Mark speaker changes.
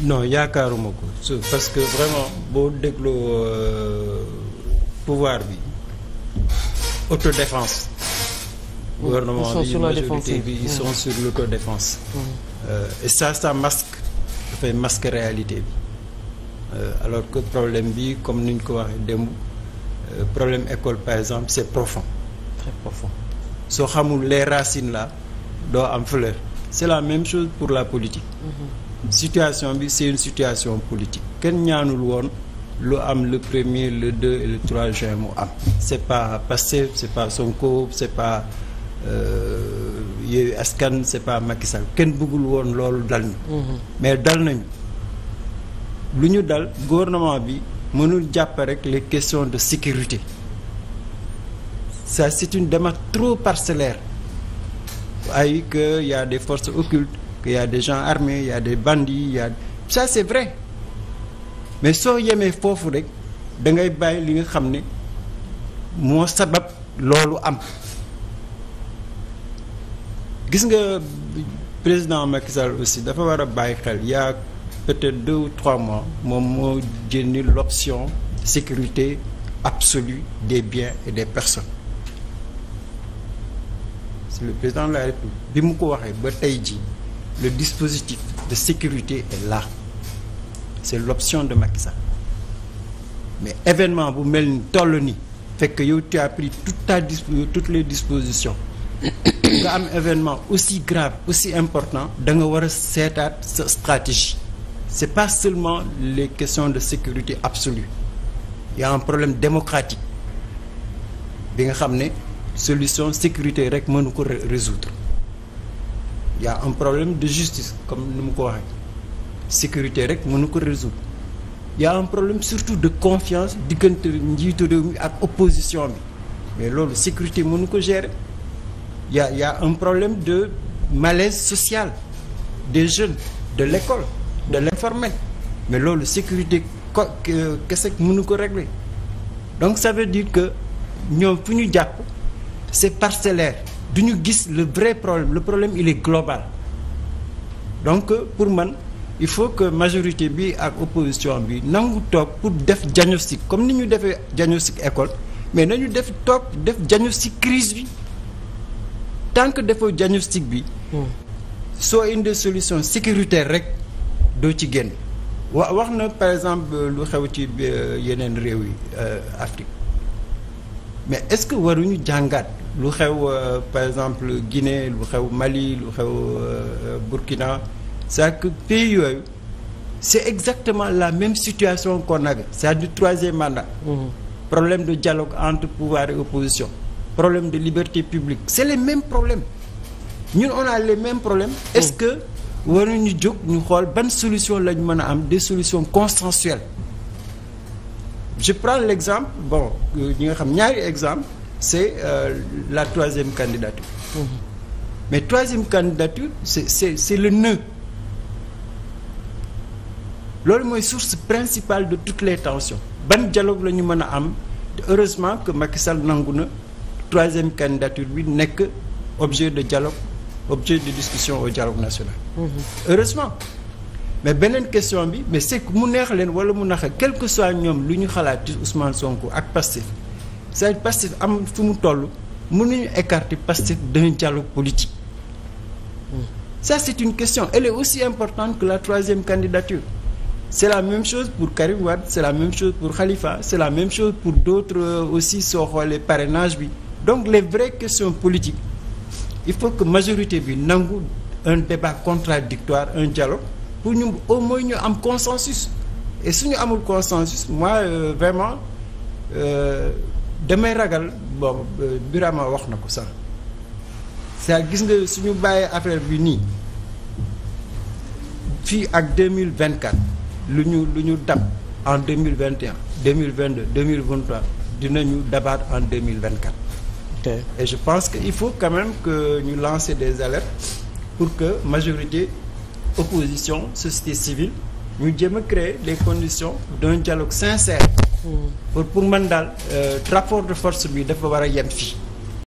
Speaker 1: non yaakaaruma ko parce que vraiment boo dégloo euh, pouvoir bi autodéfense
Speaker 2: gouvernement bi majorité bi ils sont mm. sur l'autodéfense mm.
Speaker 1: euh, et ça ça masque dafay masque réalité bi euh, alors que problème bi comme ni ñu ko waxee dem problème école par exemple c'est profond très soo xamul les racines la doo am fleur c'est la même chose pour la politique mm-hmm. situation bi c'est une situation politique kenn ñaanul woon lu am le premier le deux et le trois juin mu am c'est pas Pastef c'est pas Sonko c'est pas euh, Yewwi Askan c'est pas Macky kenn bëggul woon loolu dal ñu mhm. mais dal nañu lu ñu dal gouvernement bi mënul jàpp rek les questions de sécurité ça c'est une démarche trop parcellaire ay que y a des forces occultes qu'il de a des gens armés il y a des bandits a ça c'est vrai mais soo yemee foofu rek da ngay bàyyi li nga xam ne moo sabab loolu am gis nga président Macky aussi dafa war a bàyyi xel il y a peut-être deux ou trois mois moom moo jëndi l'option sécurité absolue des bien et des personnes si le président de la bi mu ko waxee ba tey ji le dispositif de sécurité est là c'est l'option de Macky Sall mais événement bu mel ni toll ni fekk yow tu as pris toute ta toutes les dispositions nga am événement aussi grave aussi important da nga war a seetaat sa stratégie c'est pas seulement les questions de sécurité absolue il y problème démocratique bi nga xam ne solution sécurité rek mënu ko résoudre y a un problème de justice comme ni mu ko waxee sécurité rek mënu ko résoudre y a un problème surtout de confiance diggante njiitu réew mi ak opposition bi mais loolu sécurité mënu ko gérer y a y un problème de malaise social des jeunes de l'école de l'informel mais loolu sécurité ko kese mënu ko régler donc ça veut dire que ñoom fu ñu jàpp c'est parcellaire du ñu gis le vrai problème le problème il est global donc pour man il faut que majorité bi ak opposition bi nangu toog pour def diagnostic comme ni ñu defee diagnostic école mais nañu def toog def diagnostic crise bi tant que defoo diagnostic bi hmm. soo indee solution sécuritaire rek doo ci génn wa wax na par exemple lu xew ci euh, yeneen réew yi euh, Afrique mais est-ce que waruñu jàngaat lu xew euh, par exemple Guinée lu xew Mali lu xew euh, euh, Burkina c'est que pays yooyu c'est exactement la même situation qu'on a c'est-à-dire troisième mandat mhm. problème de dialogue entre pouvoir et opposition problème de liberté publique c'est les même problèmes ñun on a les mêmes problèmes est-ce mmh. que waruñu jóg ñu xool ban solution lañu mën a am des solution consensuelles je prends l'exemple bon ñi nga xam ñaari exemple c'est euh, la troisième candidature. Mais troisième candidature, c'est le nœud. loolu mooy source principale de toutes les tensions ban dialogue la ñu mën a am heureusement que Macky Sall nangu na troisième candidature bi nekk objet de dialogue objet de discussion au dialogue national. Mmh. heureusement mais beneen question bi mais c'est que mu neex leen wala mu nax quel que soit ñoom lu ñu xalaat ci Ousmane Sonko ak Pastef c'est-à-dire Pastef am fu mu toll mënuñu écarter Pastef d'un dialogue politique ça c'est une question elle est aussi importante que la troisième candidature c'est la même chose pour Karim Wade c'est la même chose pour Khalifa c'est la même chose pour d'autres euh, aussi soo xoolee parrainage bi donc les vraies questions politiques il faut que majorité bi nangu un débat contradictoire un dialogue pour ñu au moins ñu am consensus et suñu amul consensus moi euh, vraiment euh, damay ragal bon euh, Birama wax na ko sax saa gis nga suñu bàyyee affaire bi nii fii ak deux mille vingt quatre lu ñu lu ñu dab en deux mille vingt et un mille vingt deux deux mille vingt dinañu dabaat en deux mille vingt quatre et je pense que il faut quand même que ñu lancer des alertes pour que majorité opposition société civile ñu jéem a créer des conditions d'un dialogue sincère pour pour man daal trapport euh, de force bi dafa war a yem fii